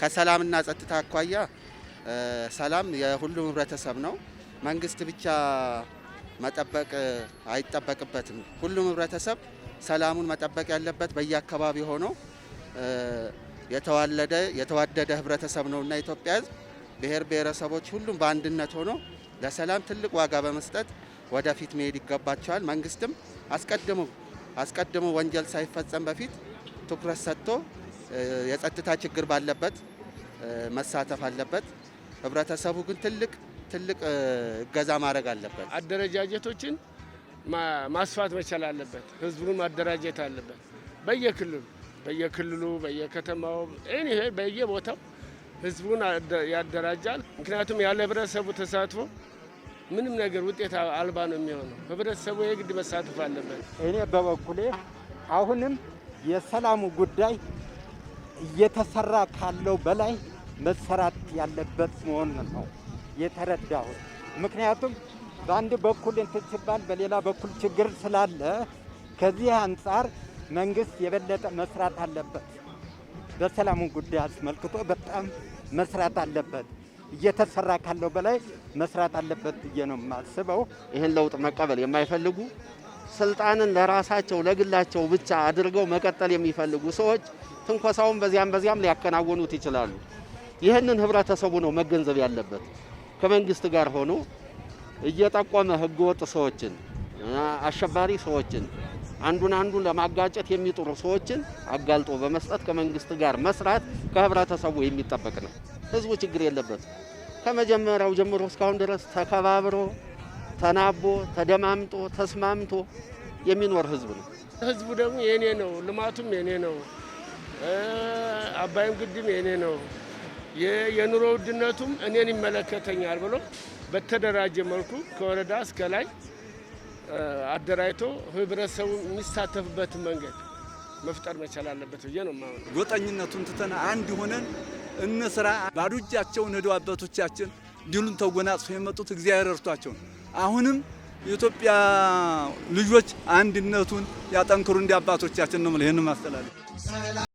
ከሰላምና ጸጥታ አኳያ ሰላም የሁሉም ህብረተሰብ ነው። መንግስት ብቻ መጠበቅ አይጠበቅበትም። ሁሉም ህብረተሰብ ሰላሙን መጠበቅ ያለበት በየአካባቢ ሆኖ የተዋለደ የተዋደደ ህብረተሰብ እና ኢትዮጵያ ህዝብ ብሔር ብሔረሰቦች ሁሉም በአንድነት ሆኖ ለሰላም ትልቅ ዋጋ በመስጠት ወደፊት መሄድ ይገባቸዋል። መንግስትም አስቀድሞ አስቀድሞ ወንጀል ሳይፈጸም በፊት ትኩረት ሰጥቶ የጸጥታ ችግር ባለበት መሳተፍ አለበት። ህብረተሰቡ ግን ትልቅ ትልቅ እገዛ ማድረግ አለበት። አደረጃጀቶችን ማስፋት መቻል አለበት። ህዝቡን ማደራጀት አለበት። በየክልሉ በየክልሉ በየከተማው ይሄ በየቦታው ህዝቡን ያደራጃል። ምክንያቱም ያለ ህብረተሰቡ ተሳትፎ ምንም ነገር ውጤት አልባ ነው የሚሆነው። ህብረተሰቡ የግድ መሳተፍ አለበት። እኔ በበኩሌ አሁንም የሰላሙ ጉዳይ እየተሰራ ካለው በላይ መሰራት ያለበት መሆን ነው የተረዳሁት። ምክንያቱም በአንድ በኩል እንትን ሲባል በሌላ በኩል ችግር ስላለ ከዚህ አንጻር መንግስት የበለጠ መስራት አለበት። በሰላሙ ጉዳይ አስመልክቶ በጣም መስራት አለበት። እየተሰራ ካለው በላይ መስራት አለበት ብዬ ነው የማስበው። ይህን ለውጥ መቀበል የማይፈልጉ ስልጣንን ለራሳቸው ለግላቸው ብቻ አድርገው መቀጠል የሚፈልጉ ሰዎች ትንኮሳውን በዚያም በዚያም ሊያከናውኑት ይችላሉ። ይህንን ህብረተሰቡ ነው መገንዘብ ያለበት። ከመንግስት ጋር ሆኖ እየጠቆመ ህገወጥ ሰዎችን፣ አሸባሪ ሰዎችን፣ አንዱን አንዱን ለማጋጨት የሚጥሩ ሰዎችን አጋልጦ በመስጠት ከመንግስት ጋር መስራት ከህብረተሰቡ የሚጠበቅ ነው። ህዝቡ ችግር የለበት። ከመጀመሪያው ጀምሮ እስካሁን ድረስ ተከባብሮ ተናቦ ተደማምጦ ተስማምቶ የሚኖር ህዝብ ነው። ህዝቡ ደግሞ የኔ ነው፣ ልማቱም የኔ ነው፣ አባይም ግድም የኔ ነው፣ የኑሮ ውድነቱም እኔን ይመለከተኛል ብሎ በተደራጀ መልኩ ከወረዳ እስከ ላይ አደራጅቶ ህብረተሰቡ የሚሳተፍበትን መንገድ መፍጠር መቻል አለበት ብዬ ነው ማለት። ጎጠኝነቱን ትተን አንድ ሆነን እንስራ። ባዶ እጃቸውን ሄደው አባቶቻችን ድሉን ተጎናጽፎ የመጡት እግዚአብሔር እርቷቸው ነው። አሁንም የኢትዮጵያ ልጆች አንድነቱን ያጠንክሩ እንዲ አባቶቻችን ነው ይህን ማስተላለፍ